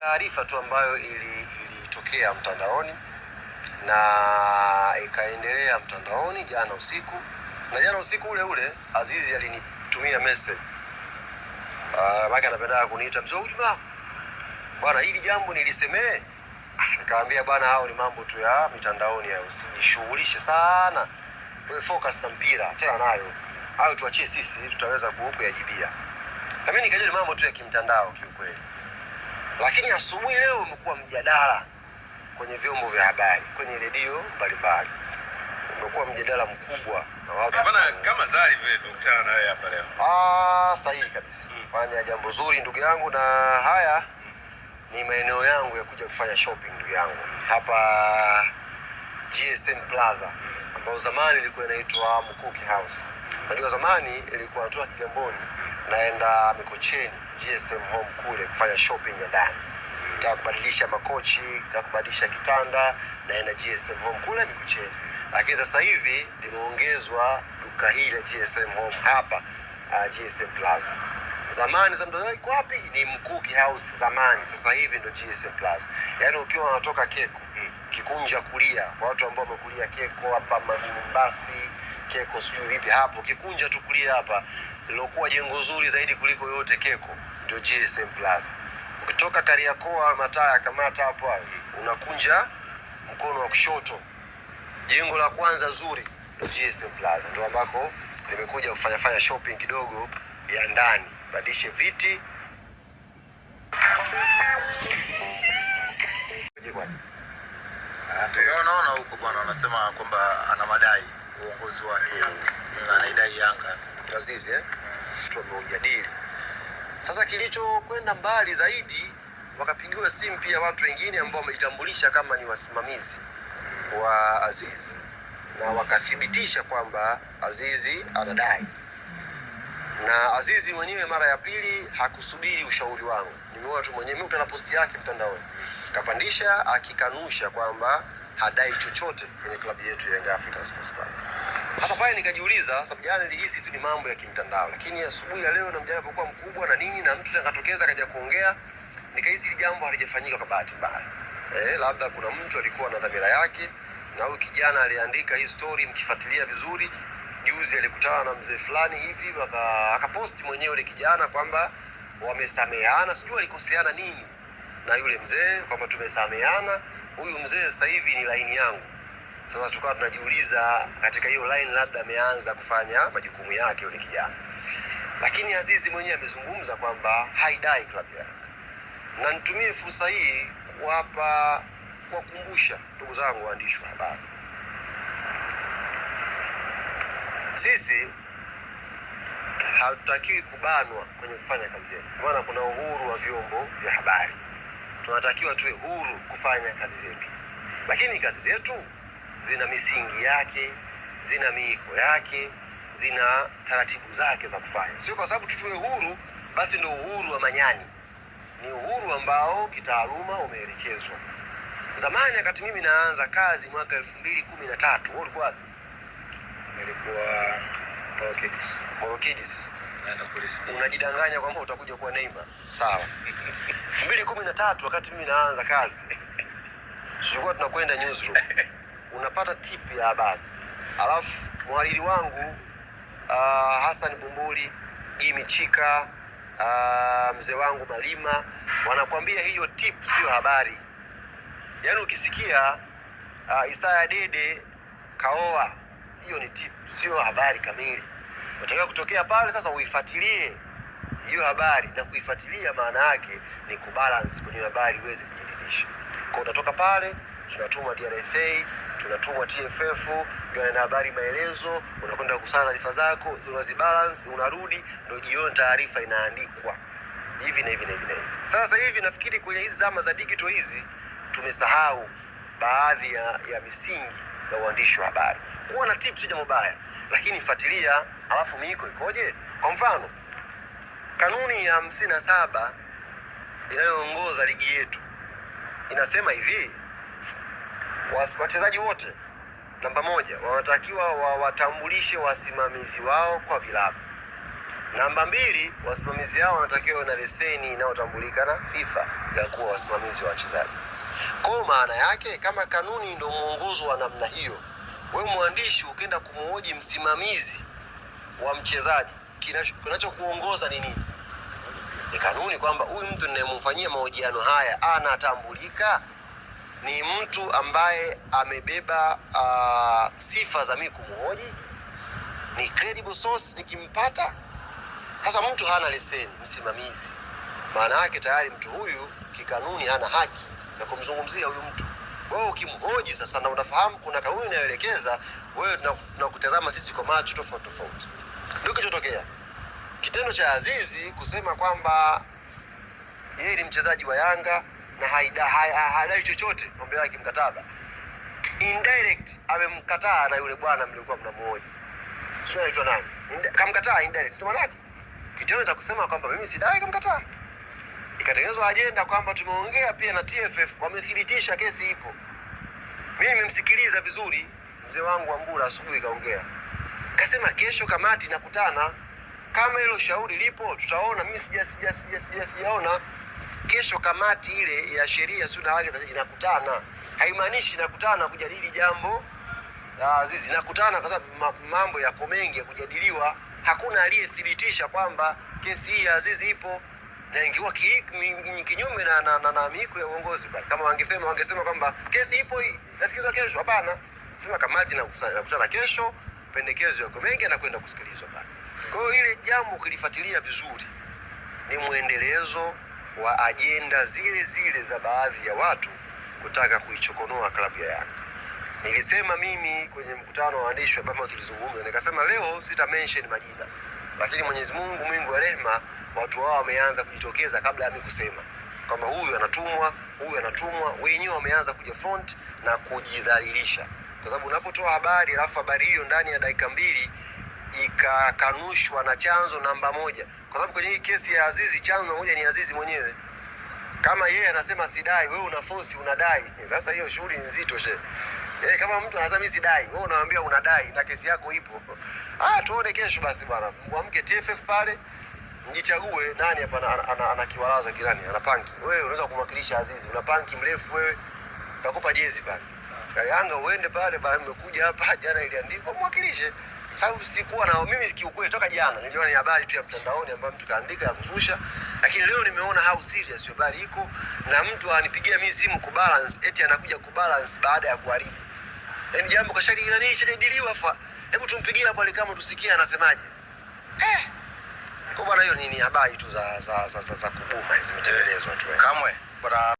Taarifa tu ambayo ilitokea ili mtandaoni na ikaendelea mtandaoni jana usiku, na jana usiku ule ule Azizi alinitumia message uh, ah, maka anapenda kuniita mshauri, bwana, hili jambo nilisemee. Nikamwambia bwana, hao ni mambo tu ya mitandaoni hayo, usijishughulishe sana wewe, focus na mpira, tena nayo hayo, tuachie sisi, tutaweza kuyajibia. Na mimi nikajua ni mambo tu ya kimtandao kiukweli. Lakini asubuhi leo umekuwa mjadala kwenye vyombo vya habari, kwenye redio mbalimbali, umekuwa mjadala mkubwa na watu bana, kama zali vile tukutana na hapa leo. Ah, sahihi kabisa. Hmm. Fanya jambo zuri ndugu yangu, na haya ni maeneo yangu ya kuja kufanya shopping ndugu yangu, hapa GSN Plaza ambayo zamani ilikuwa inaitwa Mkuki House. Unajua zamani ilikuwa natoka Kigamboni naenda Mikocheni GSM Home kule kufanya shopping ya ndani. Nataka kubadilisha makochi, nataka kubadilisha kitanda, naenda GSM Home kule nikucheze. Lakini sasa hivi limeongezwa duka hili la GSM Home hapa uh, ah, GSM Plaza. Zamani za mdogo iko wapi? Ni Mkuki House zamani, sasa hivi ndo GSM Plaza. Yaani ukiwa unatoka Keko hmm. Kikunja kulia, kwa watu ambao wamekulia Keko hapa Mombasi, Keko sijui vipi hapo, Kikunja tu kulia hapa, lilokuwa jengo zuri zaidi kuliko yote Keko ndio GSM Plus. Ukitoka Kariakoo mataa kamata hapo, unakunja mkono wa kushoto, jengo la kwanza zuri ndio GSM Plus, ndio ambako nimekuja kufanya fanya shopping kidogo ya ndani, badilishe viti Tunaona huko bwana anasema kwamba ana madai uongozi wa Yanga, hmm. anaidai Yanga. Azizi eh, hmm. tumeujadili sasa kilichokwenda mbali zaidi, wakapigiwa simu pia watu wengine ambao wamejitambulisha kama ni wasimamizi wa Azizi na wakathibitisha kwamba Azizi anadai, na Azizi mwenyewe mara ya pili hakusubiri ushauri wangu. Nimeona tu mwenyewe mtu posti yake mtandaoni kapandisha akikanusha kwamba hadai chochote kwenye klabu yetu ya Yanga Africans Sports Club. Sasa pale nikajiuliza, sababu jana nilihisi tu ni mambo ya kimtandao, lakini asubuhi ya, ya leo na mjana alipokuwa mkubwa na nini na mtu akatokeza akaja kuongea, nikahisi ile jambo halijafanyika kwa bahati mbaya. Eh, labda kuna mtu alikuwa na dhamira yake, na huyu kijana aliandika hii story, mkifuatilia vizuri, juzi alikutana na mzee fulani hivi, akaposti mwenyewe yule kijana kwamba wamesameheana, sijui alikoseana nini na yule mzee kwamba tumesameheana, huyu mzee sasa hivi ni laini yangu. Sasa tukawa tunajiuliza katika hiyo line, labda ameanza kufanya majukumu yake yule kijana, lakini Azizi mwenyewe amezungumza kwamba haidai klabu yake, na nitumie fursa hii kuwapa kuwakumbusha ndugu zangu waandishi wa habari, sisi hatutakiwi kubanwa kwenye kufanya kazi yetu, kwa maana kuna uhuru wa vyombo vya habari. Tunatakiwa tuwe huru kufanya kazi zetu, lakini kazi zetu zina misingi yake, zina miiko yake, zina taratibu zake za kufanya. Sio kwa sababu tuwe huru basi ndio uhuru wa manyani. Ni uhuru ambao kitaaluma umeelekezwa. Zamani wakati mimi naanza kazi mwaka elfu mbili kumi na tatu wewe ulikuwa wapi? Nilikuwa Orokidis. Orokidis. Unajidanganya kwamba utakuja kuwa Neymar. Sawa. elfu mbili kumi na tatu wakati mimi naanza kazi tulikuwa tunakwenda newsroom unapata tip ya habari. Alafu mhariri wangu uh, Hassan Bumbuli, Jimmy Chika, uh, ah, mzee wangu Malima wanakwambia hiyo tip sio habari. Yaani ukisikia uh, Isaya Dede kaoa, hiyo ni tip, sio habari kamili. Unataka kutokea pale sasa uifuatilie hiyo habari na kuifuatilia, maana yake ni kubalance kwenye habari uweze kujiridhisha. Kwa utatoka pale, tunatumwa DRFA tunatumwa TFF na habari maelezo, unakwenda kukusana taarifa zako, unazibalance, unarudi, ndio jioni taarifa inaandikwa hivi na hivi na hivi. Sasa hivi nafikiri kwenye hizi zama za digital hizi tumesahau baadhi ya, ya misingi ya uandishi wa habari. Kuwa na tips si jambo baya, lakini fuatilia, alafu miiko ikoje? Kwa mfano kanuni ya hamsini na saba inayoongoza ligi yetu inasema hivi wachezaji wote namba moja wanatakiwa wawatambulishe wasimamizi wao kwa vilabu. Namba mbili, wasimamizi hao wanatakiwa na leseni inayotambulika na FIFA ya kuwa wasimamizi wa wachezaji. Kwa maana yake, kama kanuni ndio mwongozo wa namna hiyo, we mwandishi ukienda kumhoji msimamizi wa mchezaji, kinachokuongoza ni nini? Ni kanuni, kwamba huyu mtu ninayemfanyia mahojiano haya anatambulika ni mtu ambaye amebeba uh, sifa za mimi kumhoji, ni credible source nikimpata. Sasa mtu hana leseni msimamizi, maana yake tayari mtu huyu kikanuni hana haki ya kumzungumzia huyu mtu. Wewe ukimhoji sasa, na unafahamu kuna kauli inayoelekeza, wewe tunakutazama sisi kwa macho tofauti tofauti. Ndio kilichotokea kitendo cha Azizi kusema kwamba yeye ni mchezaji wa Yanga na hadai chochote ombi lake mkataba, indirect amemkataa na yule bwana mliokuwa mnamuoji, sio anaitwa nani, kamkataa indirect. Ndio maana kitendo cha kusema kwamba mimi sidai, kamkataa, ikatengenezwa ajenda kwamba tumeongea pia na TFF, wamethibitisha kesi ipo. Mimi nimemsikiliza vizuri mzee wangu wa Mbura asubuhi, kaongea kasema, kesho kamati nakutana, kama hilo shauri lipo tutaona. Mimi sija sija sija sijaona sija, sija, sija, sija, sija, sija, sija, kesho kamati ile ya sheria sio na inakutana, haimaanishi inakutana kujadili jambo la zizi, inakutana kwa sababu mambo yako mengi ya kujadiliwa. Hakuna aliyethibitisha kwamba kesi hii ya Azizi ipo na ingekuwa kinyume na na, na, na miiko ya uongozi bali, kama wangesema wangesema kwamba kesi ipo hii nasikizwa kesho. Hapana, sema kamati inakutana kesho, pendekezo yako mengi anakwenda kusikilizwa bali. Kwa hiyo ile jambo ukilifuatilia vizuri ni mwendelezo wa ajenda zile zile za baadhi ya watu kutaka kuichokonoa klabu ya Yanga. Nilisema mimi kwenye mkutano wa waandishi ambao tulizungumza, nikasema leo sita mention majina, lakini Mwenyezi Mungu mwingi wa rehema, watu hao wameanza kujitokeza kabla ya mimi kusema kwamba huyu anatumwa, huyu anatumwa. Wenyewe wameanza kuja front na kujidhalilisha, kwa sababu unapotoa habari alafu habari hiyo ndani ya dakika mbili ikakanushwa na chanzo namba moja, kwa sababu kwenye hii kesi ya Azizi chanzo namba moja ni Azizi mwenyewe. Kama yeye anasema sidai, wewe una force unadai. Sasa hiyo shughuli nzito she. Eh, kama mtu anasema mimi sidai, wewe unawaambia unadai na kesi yako ipo. Ah, tuone kesho basi bwana. Muamke TFF pale mjichague nani hapa ana, ana, kiwalaza kilani, ana panki. Wewe unaweza kumwakilisha Azizi, una panki mrefu wewe. Utakupa jezi pale. Yanga uende pale bwana, umekuja hapa jana iliandikwa mwakilishe sababu sikuwa na mimi kiukweli, toka jana niliona ni habari tu ya mtandaoni ambayo mtu kaandika ya kuzusha, lakini leo nimeona how serious hiyo habari iko, na mtu anipigia mimi simu ku balance, eti anakuja ku balance baada ya kuharibu. Yaani jambo kashari ila nini shajadiliwa fa. Hebu tumpigie hapo alikama tusikie anasemaje. Eh. Kwa bwana hiyo ni habari tu za za za, za, za kubuma zimetengenezwa tu. Kamwe bwana